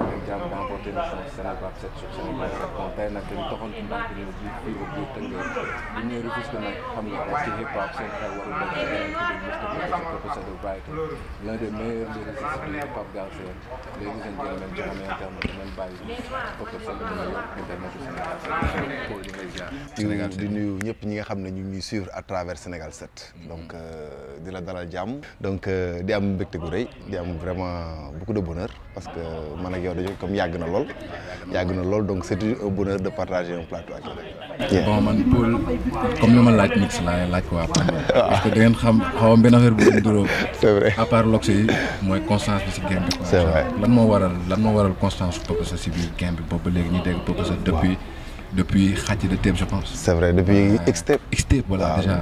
avec jàmm remporté na son Sénégal 7 sur ba biir Tëngéej du hip hop di nuyu ñëpp ñi nga xam ne ñu ñuy suivre à travers Sénégal set donc euh, di la dalal jàmm donc euh, di am mbégte gu rëy di am vraiment de bonheur parce que man yow dañu comme yàgg na lool yàgg na lool donc c'est un bonheur de partager un plateau ak yow. man Paul comme li ma laaj mix laay laaj ko waa parce que ah. mooy constance bi si game bi. c'est vrai lan moo waral lan moo waral constance su Papa Sow si biir game bi boobu ba léegi ñu dégg Papa Sow depuis. depuis xàcc de tape je pense. c'est vrai depuis X-Tape. x ah, déjà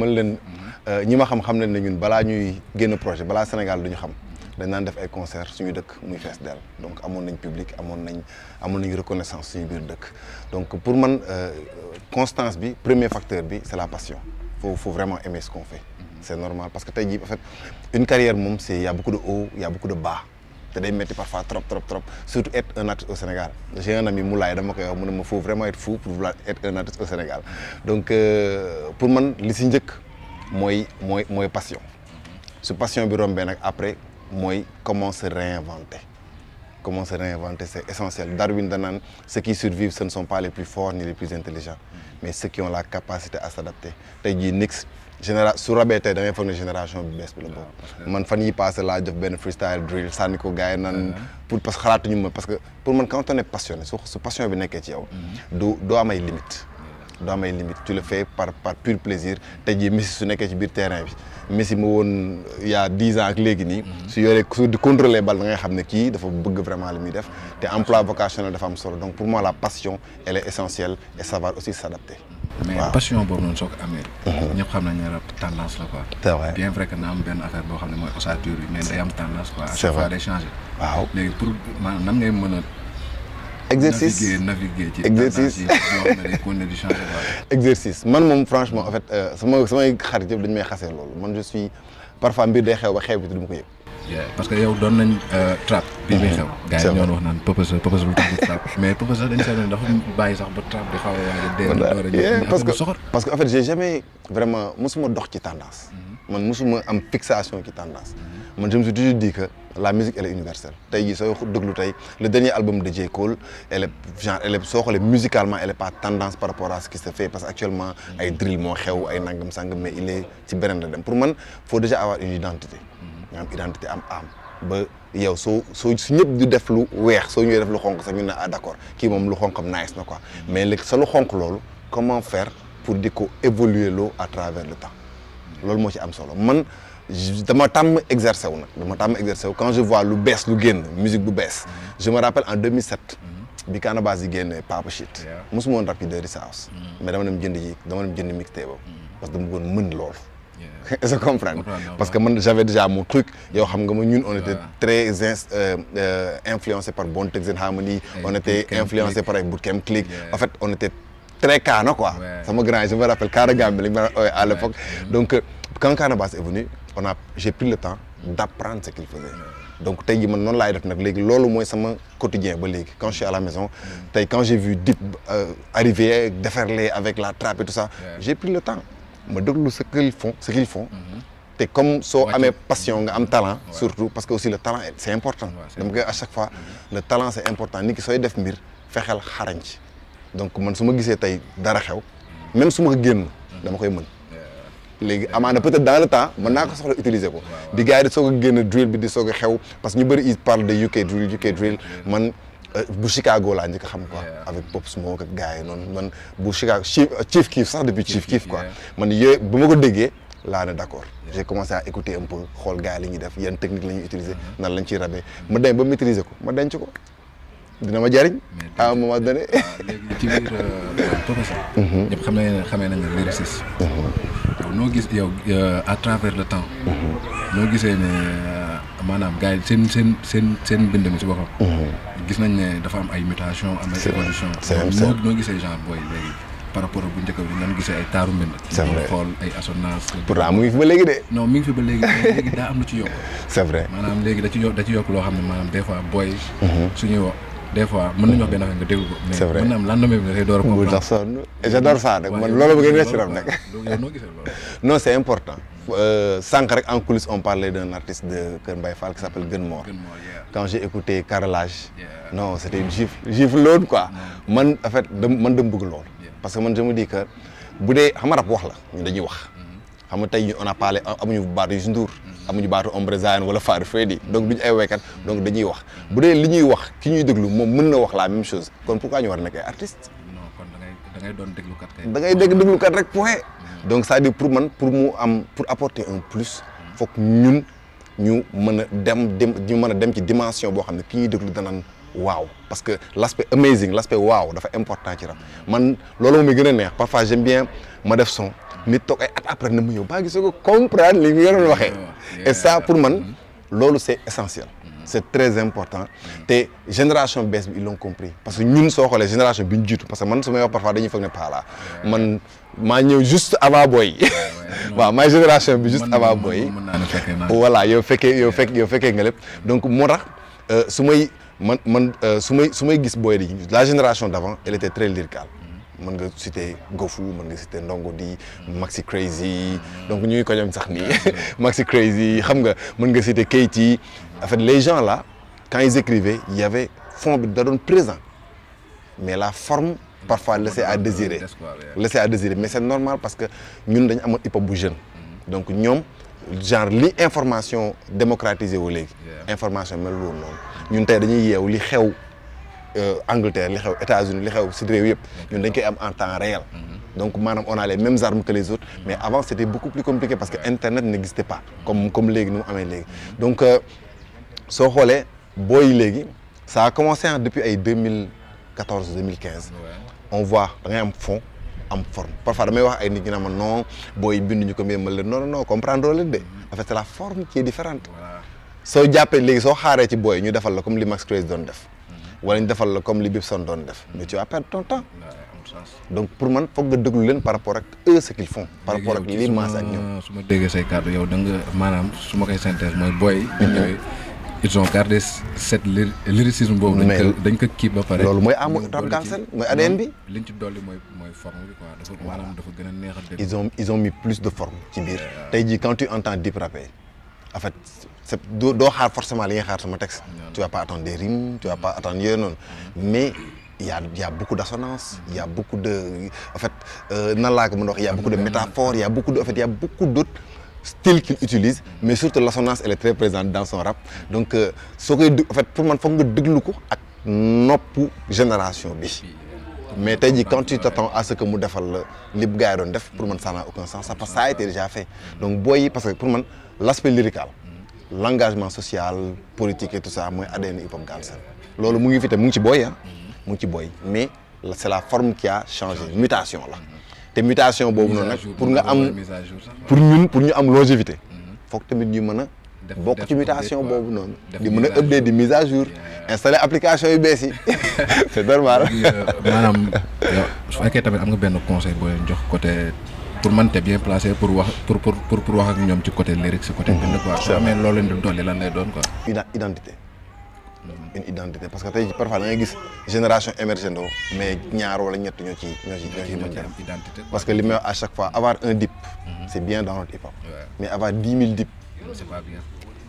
man leen. Mhm. Euh, ñi ma xam xam nañ ne ñun balaa ñuy génn projet balaa Sénégal duñu xam dañ naan def ay concert suñu dëkk muy fees dell donc amoon nañ public amoon nañ amoon nañ reconnaissance suñu biir dëkk donc pour man euh, constance bi premier facteur bi c'est la passion faut faut vraiment aimer ce qu'on mm-hmm. parce que tey jii en fait une carrière moom c'est y a beaucoup de day métti parfois trop trop trop surtout être un artiste au Sénégal j'ai un ami ma faut vraiment être fou pour vouloir donc euh, pour man li si njëkk mooy mooy mooy passion su passion bi rombee nag après mooy comment se réinventer comment se réinventer c'est essentiel Darwin danaan ceux qui survivent ce ne sont pas les plus forts ni les plus intelligents mais ceux qui ont la capacité à s'adapter tey jii nix généra su rabee tey da foog ne génération bi bees bi la boobu ah, man fan yi passé laa jof benn freestyle drill sànni ko gars yi naan uh-huh. pour parce que xalaatuñu ma parce que pour man quand on est passionné su su passion bi ci yow mm-hmm. du am ay doo am ay limite tu le fais par pur plaisir tey jii Messi su nekkee ci biir terrain bi Messi ma woon il dix ans ak léegi nii. Mhm. su yoree su di bal da ngay xam ne kii dafa bëgg vraiment li la passion elle essentielle et savoir aussi s'adapter passion boobu noonu soo ko amee. Mhm. ñëpp xam tendance la quoi. c'est bien vrai que na am benn affaire boo xam ne mooy ossature bi mais day am tendance quoi. c'est vrai day changé. waaw léegi pour nan ngay mën a. exercice naviguer ci exercice exercice man moom franchement en fait euh, samay xarit yëpp dañu may xasee loolu man je suis parfois mbir day xew ba xew bi te du ma ko yëg. parce que yow doon nañ euh, trap. Mhm. bi muy xew gars yi ñoo wax naan Papa Papa lu tax trap mais Papa dañ seetlu dafa bàyyi sax ba trap di xaw parce que parce que en fait jamais vraiment mosuma dox ci tendance. Mhm. man mosuma am fixation ci tendance. Mhm. man je me suis toujours dit que la musique elle est universelle tey jii sooy déglu tey le dernier album de J Cole elle est genre elle est soo xoolee musicalement elle est pas tendance par rapport à ce qui se fait parce que actuellement ay drill moo xew ay nangam sangam mais il est beneen la dem pour man faut déjà avoir une identité nga am identité am am ba yow soo soo su ñëpp du def lu weex soo ñuy def lu xonk sax ñu ne ah d'accord kii moom lu xonkam nice na quoi mais léegi sa lu xonk loolu comment faire pour di ko évoluer loo à travers le temps loolu moo ci am solo man. dama tam exercé wu nag dama tàmm exercé wu quand je vois lu bees lu génn musique bu bees mm-hmm. je me rappelle en 2007 mm-hmm. bi Canabasse yi génnee Papa Shit mosuma woon rap yi House mais dama dem jënd yi dama mm-hmm. parce que dama bëggoon mën loolu que parce que man j'avais déjà mon truc yow xam nga ma ñun on était très euh, euh, influencé par Bone Thugs and Harmony on était influencé par ay Bootcamp Clique en fait on était très Kana quoi sama grand je me rappelle Kana Gambi lañ ma euh, à l'époque donc quand Canabasse est on a j'ai le temps d'apprendre ce qu'il faisait donc tey jii man noonu laay def nag léegi loolu mooy sama quotidien ba léegi quand je suis la maison tey quand j'ai vu Dip euh, arriver déferler avec la trap et tout ça j'ai pris le temps ma déglu ce qu'ils font ce qu'ils mhm. te comme soo amee passion nga am talent surtout parce que aussi le talent c'est important dama koy à chaque fois mhm. le talent c'est important nit ki sooy def mbir fexeel xarañ ci donc man su ma gisee tey dara xew même su ma génn dama koy léegi amaana peut-être dans le temps mën naa ko soxla utiliser ko di gars di soog a génn drill bi di soog a xew parce que ñu bëri ils parlent UK drill UK drill man euh, bu Chicago laa njëkk a xam quoi avec Pop Smoke ak gars yi noonu man bu Chicago Chief euh, Keef sax depuis Chief Keef quoi man yooyu bu ma ko déggee laa ne d'accord j'ai commencé à écouter un peu xool gars yi li ñuy def yan technique la ñuy utiliser mm-hmm. nan lañ ciy rabee ma dem ba maîtriser ko ma denc ko dina ma jariñ à un moment donné. léegi ci biir euh, professeur. Mhm. ñëpp xam nañ ne xamee nañ ne lyriciste. Mhm. yow noo gis yow euh, à travers le temps. Mhm. noo gisee ne euh, maanaam gars yi seen seen seen seen mbind mi si boppam. gis nañ ne dafa am ay mutation am ay évolution. noo noo gisee genre booy léegi. par rapport bi nan gisee ay taaru mbind. c'est vrai xool ay assonance. pourtant mu ngi fi ba léegi de. non mi ngi fi ba léegi daa am lu ci yokk. c'est vrai maanaam léegi da ci yokk da ci yokk loo xam ne maanaam des fois booy. suñuy wax. des fois mën nañu wax benn affaire nga déglu ko. c'est vrai mais mën na am lendemain bi nga koy door a c'est important. Euh, sànq rek en coulisses on parlait d'un artiste de Kër Mbaye Fall qui s'appelle Gunmore. quand j'ai Carrelage. non c'était une gifle gifle loolu quoi. Mm. man en fait dama man dama bëgg loolu. parce que man je me dis que bu dee la ñun dañuy wax. Mm-hmm. xam nga tey on a parlé amuñu baat yu si Ndour. Mm. am amuñu baatu ombrezane wala faari freddy donc duñu ay waykat donc dañuy wax bu dee li ñuy wax ki ñuy déglu moom mën na wax la même chose kon pourquoi ñu war nekk ay artiste non kon da ngay da ngay doon déglukat kay ngay dégg déglukat rek point donc c'est-à-dire pour man pour mu am pour apporter en plus foog ñun ñu mën a dem dem ñu mën a dem ci dimension boo xam ne ki ñuy déglu danaan waaw parce que l'aspect amazing l'aspect waaw dafa important ci rap man loolu moom mi gën a neex parfois j'aime bien ma def son nit toog ay at après na mu ñëw baa gisoo ko comprendre li nga doon waxee. Ah, et pour man loolu c' est essentiel. Mm-hmm. c' est très important te génération bees bi ils l'ont compris parce que ñun soo xoolee génération bi ñu jiitu parce que man su may wax parfois dañuy foog ne Palla man maa ñëw juste avant booy waaw ma génération bi juste avant booy voilà yow fekkee yow fekk yow fekkee nga lépp donc moo tax euh, su may man man euh, su may su may gis booy di la génération d' avant elle était très lyricale mën nga citer Gofu mën nga citer Ndongo di Maxi Crazy donc ñuy ko sax nii Maxi Crazy xam nga mën nga citer Keyti en fait les gens là quand ils écrivaient il y avait fond bi da doon présent mais la forme parfois laissait à désirer laissait à désirer mais c'est normal parce que ñun dañu amoon hip hop bu jeune donc ñoom genre li information démocratisée wu léegi information mel woon noonu ñun tey dañuy yeew li xew Euh, Angleterre li xew États-Unis li xew si réew yëpp ñun dañ koy am en temps réel mhm. donc maanaam on a les mêmes armes que les autres mhm. mais avant c'était beaucoup plus compliqué parce que internet n'existait pas comme mhm. léegi ni mu amee léegi donc euh, soo xoolee booy léegi ça a commencé depuis ay 2014 2015 on voit da ngay am fond am forme parfois damay wax ay nit ñi ne ma non booy bind ñu ko mais ma leen non non comprendre leen de en fait c'est la forme qui est différente soo jàppee léegi soo xaaree ci booy ñu defal la comme li Max doon def wala ñu defal la comme li Bibson doon def mais tu vas perdre temps donc pour man foog nga déglu leen par rapport ak eux ce qu'ils font par rapport ak lii maas ak ñoom su ma déggee say kàddu yow da maanaam su ma koy synthèse mooy booy mhm. ñooy ils ont gardé cette lyricisme boobu dañ ko kii ba pare loolu mooy am rap galsen mooy ADN bi liñ ci dolli mooy mooy forme bi quoi dafa maanaam a neex a dégg ils ont mis plus de forme ci biir tey jii quand tu entends Dip rapper en c'est doo xaar forcément li ngay xaar sama texte tu vas pas attendre des rimes tu vas pas mm-hmm. attendre yooyu mais il a il y a beaucoup d'assonances il y de en fait euh, nan laa ko mën a wax beaucoup de mm-hmm. métaphores il y a beaucoup de en fait utilise mais surtout la sonance est très présente dans son rap mm-hmm. donc euh, soo koy en fait man foog nga déglu ko ak noppu génération bi mais tey jii quand tu t'attends à ce que mu defal la li gars doon def pour man ça n'a aucun sens que ça a été déjà fait donc booy parce que pour man l'aspect lyrical l'engagement social politique et tout ça mooy ADN hip hop Galsen loolu mu ngi fi mu ngi ci booy ah mu ngi ci booy mais c'est la forme qui a changé mutation la te mutation boobu noonu nag pour nga am pour ñun pour ñu am longévité mm-hmm. foog tamit ñu mën a bokk ci mutation boobu noonu di mën a update di mise à jour installer application yu bees yi c'est normal euh, maanaam su euh, fekkee tamit am nga benn conseil boo leen jox côté pour man te bien placé pour wax pour pour pour wax ak ñoom ci côté lyrique ci côté. bind mhm. quoi soo amee loolu leen di dolli lan lay doon quoi. identité. Hmm. une identité parce que tey parfois da ngay gis génération mais ñaar wala ñett ñoo ci parce que li a à chaque fois avoir un dip. Hmm. c' est bien dans notre mais avoir dix mille dip.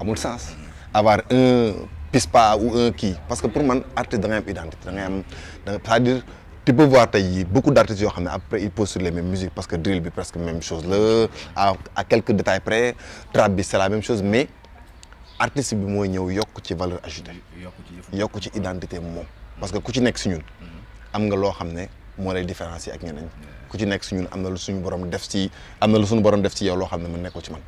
amul sens. Hmm. avoir un pispa ou un kii parce que pour man artiste da ngay identité da ngay dire ti peux voir tey beaucoup d' artistes yoo xam ne après ils posent sur les mêmes parce que drill bi presque même chose la à à quelques détails près trap bi c' est la même chose mais artiste bi mooy ñëw yokk ci valeur ajoutée. yokk ci identité moom. parce que ku ci nekk si ñun. am nga loo xam ne moo lay yi ak ñeneen ku ci nekk si ñun am na lu suñu borom def ci am na lu suñu borom def si yow loo xam ne mu nekkul ci man.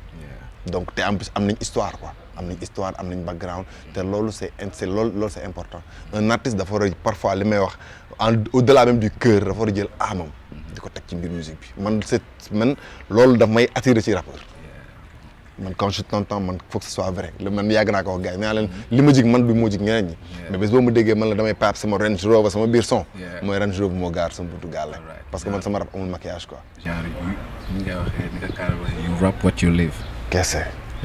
donc te en plus am nañ histoire quoi. am nañ histoire am nañ background te loolu c'est c'est loolu loolu c'est important un dafa war a parfois li may jël amam di ko teg ci mbir musique bi man c'est man loolu daf may attirer ci rappeur man quand je t'entends man faut ce soit vrai man yàgg naa ko wax gars li ma jig man du moo jig ñeneen ñi mais bés boo déggee man la damay paap sama Range Rover sama biir son mooy Range Rover moo gaar sama buntu la parce que man sama rap amul maquillage quoi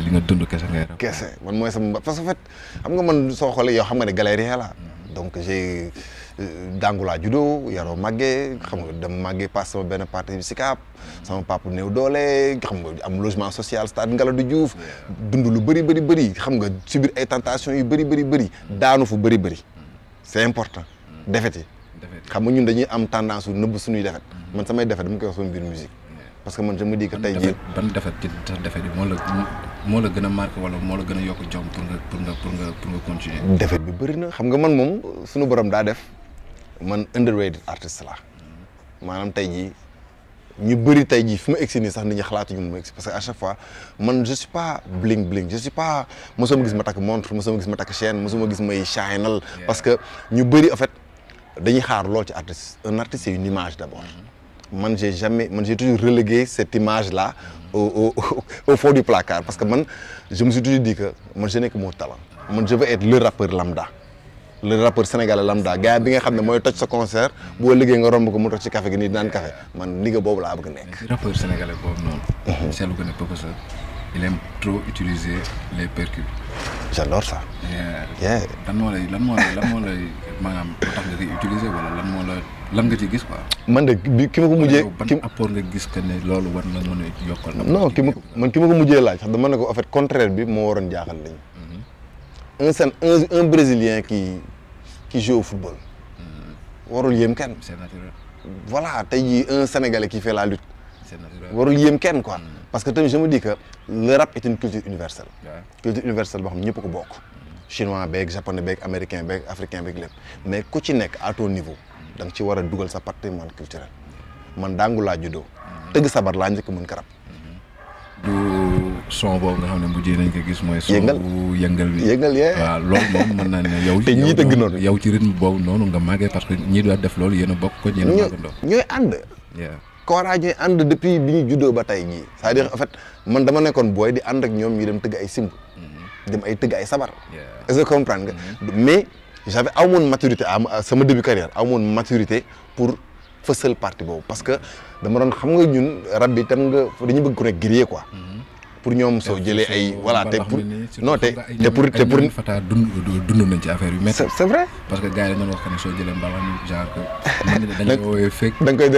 li nga dund kese ngay rab. kese man mooy sama parce que en fait xam nga man soo xoolee yow xam nga ne galérien la donc j'ai euh, Dangu laa juddoo yaroo màggee xam nga dem màggee passe sama benn partie Sicap sama papa néew doole xam nga am logement social stade Ngalandou Diouf dund lu bëri bari bëri xam nga subir ay tentations yu bëri bëri bëri daanu fu bëri bëri c'est important défaite yi. xam nga ñun dañuy am tendance su nëbb suñuy défaite man samay défaite dama koy wax sama biir musique parce que man je me dis que tey jii ban défaite ci moo la gën a marqué wala moo la gën a yokk jom pour nga bi bëri na xam nga man moom suñu borom daa def man underrated artiste la maanaam tey jii ñu bëri tey jii fi ma egsi nii sax nit ñi xalaatuñu ma egsi parce que à chaque fois man je suis pas bling bling je suis pas mosuma gis ma takk montre mosuma gis ma takk chaîne mosuma gis may chainal parce que ñu bëri en fait dañuy xaar lool ci artiste un artiste c'est une image man j'ai jamais man j'ai toujours relégué cette image là au, au, du placard parce que man je me suis toujours dit que man je n'ai que mon talent man je veux être le rappeur lambda le rappeur sénégalais lambda gars bi nga xam ne mooy toj sa concert boo liggéey nga romb ko mu toog ci café gi nii naan café man liggéey boobu laa bëgg nekk. Mhm. les percus. j'adore ça. lan moo lay lan nga ci gis quoi. man de bi ki ma ko mujjee ban apport nga gis que ne loolu war na mën a yokkal. non ki ma ko man ki ko mujjee ne ko en fait contraire bi moo waroon jaaxal nañu. Mhm. un seen un un brésilien qui qui joue au football. Mhm. warul yéem kenn. c'est naturel. voilà tey jii un sénégalais qui fait la lutte. c'est naturel warul yéem kenn quoi. Mhm. parce que tamit je me dis que le rap culture universelle. culture universelle boo xam ñëpp ko bokk. chinois beeg japonais beeg américain beeg africain beeg lépp mais ku ci nekk à ton niveau. da nga ci war a dugal sa patrimoine culturel man daangu laa juddoo tëgg sabar laa njëkk mën karab du son boobu nga xam ne mujjee nañ ko gis mooy son bu yëngal bi yëngal yee waaw loolu moom mën naa ne yow te ñii tëgg noonu yow ci rythme boobu noonu nga parce que ñii doon def loolu yéen a bokk ko ñeen a màggandoo ñooy ànd kooraa ñooy ànd depuis bi ñu juddoo ba tey jii saa à dire fait man dama nekkoon booy di ànd ak ñoom ñu dem tëgg ay simb mm-hmm. dem ay tëgg ay sabar est-ce que mm-hmm. mais j'avais amoon maturité à sama début carrière amoon maturité pour fësal parti boobu parce que dama doon xam nga ñun rab bi tam nga dañu bëgg ku nekk grillé quoi. Mm-hmm. pour ñoom soo jëlee ay. voilà te pour non te. te pour te pour. dund dund nañ ci affaire yu mais. c'est parce que gars yi dañu wax koy fekk da nga koy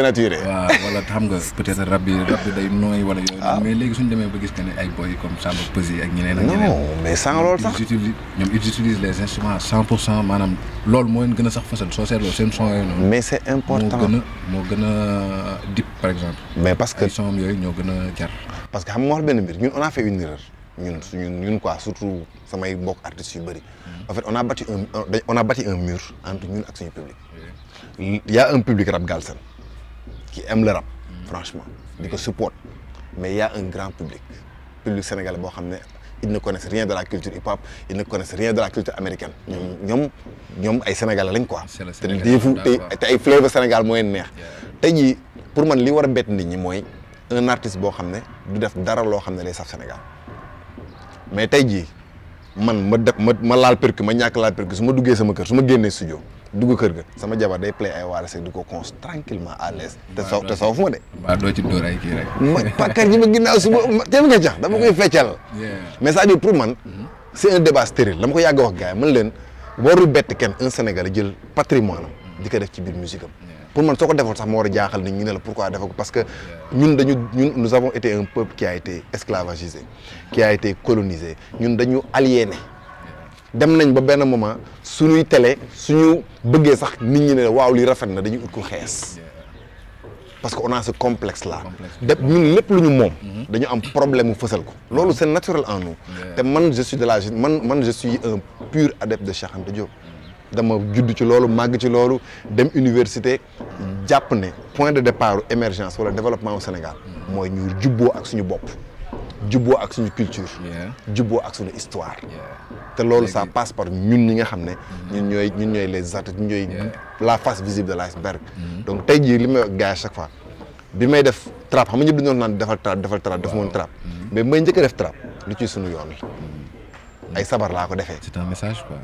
xam nga peut-être rab bi rab bi day nooy wala yooyu. Ah. mais léegi suñu demee ba gis que ne ay boy comme Samba Peuzzi ak ñeneen ak ñeneen. cent maanaam loolu moo leen gën a sax fasal soo moo gën a moo par exemple. mais parce que ay son yooyu ñoo gën a jar. parce que xam nga moo tax benn mbir ñun on a fait une ñun suñu ñun quoi surtout samay mbokk artistes yu bëri. en fait on a bâti un on a bâti un mur entre ñun ak suñu public. il y a un public rap galsen qui aime le rap. franchement di ko support. mais il y a un grand public public sénégalais boo xam ne ils ne connaissent rien de la culture hip hop ils ne connaissent rien de la culture américaine. ñoom ñoom ñoom ay sénégalais lañ quoi. te ay fleuve Sénégal mooy neex. te jii pour man li war a bett nit ñi mooy un artiste boo xam ne du def dara loo xam ne day saf Sénégal. mais tey jii man ma def ma ma laal percu ma ñàkk laal percu su ma duggee sama kër su ma génnee studio dugg kër ga sama jabar day play ay waare sek di ko cons tranquillement à l'aise te saw te saw fu ma de ba kii rek ma pàkkar ji ma ginnaaw suba teem nga cax dama koy feccal mais c'est-à-dire pour man c'est un débat stérile la ma ko yàgg wax gars yi man leen warul bett kenn un Sénégalais jël patrimoine am di ko def ci biir musique am pour man soo ko defoon sax moo war a jaaxal nit ñu ne la pourquoi defa ko parce que ñun dañu ñun nous avons été un peuple qui a été esclavagisé qui a été colonisé ñun dañu aliéné dem nañ ba benn moment su suñuy télé suñu bëggee sax nit ñi ne waaw li rafet na dañuy ut ku xees parce que on a ce complexe là de ñun lépp lu ñu moom mm-hmm. dañu am problème mu fësal ko loolu seen naturel en nu te man je de la man man je suis un pur adepte de Cheikh Anta Diop dama judd ci loolu màgg ci loolu dem université jàpp ne point de départ émergence wala développement au Sénégal mooy ñu jubboo ak suñu bopp jubboo ak suñu culture jubboo ak suñu histoire te loolu ça passe par ñun ñi nga xam ne mm-hmm. ñun ñooy ñun ñooy les artistes ñun ñooy la face visible de l'iceberg mm-hmm. donc tey jii li may wax chaque fois bi may def trap xam nga ñëpp dañu doon naan defal trap defal trap def moon trap mm-hmm. mais may njëkk a def trap lu ci suñu yoon la ay sabar laa ko defee. c'est un message quoi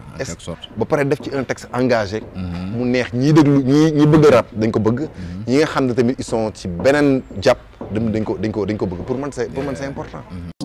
ba pare def ci un texte engagé. Mm-hmm. mu neex ñii déglu ñii ñi bëgg rap dañ ko bëgg. Mm-hmm. ñi nga xam ne tamit ils sont ci beneen jàpp dañ ko dañ ko dañ ko bëgg pour man se pour man c'est important. Mm-hmm.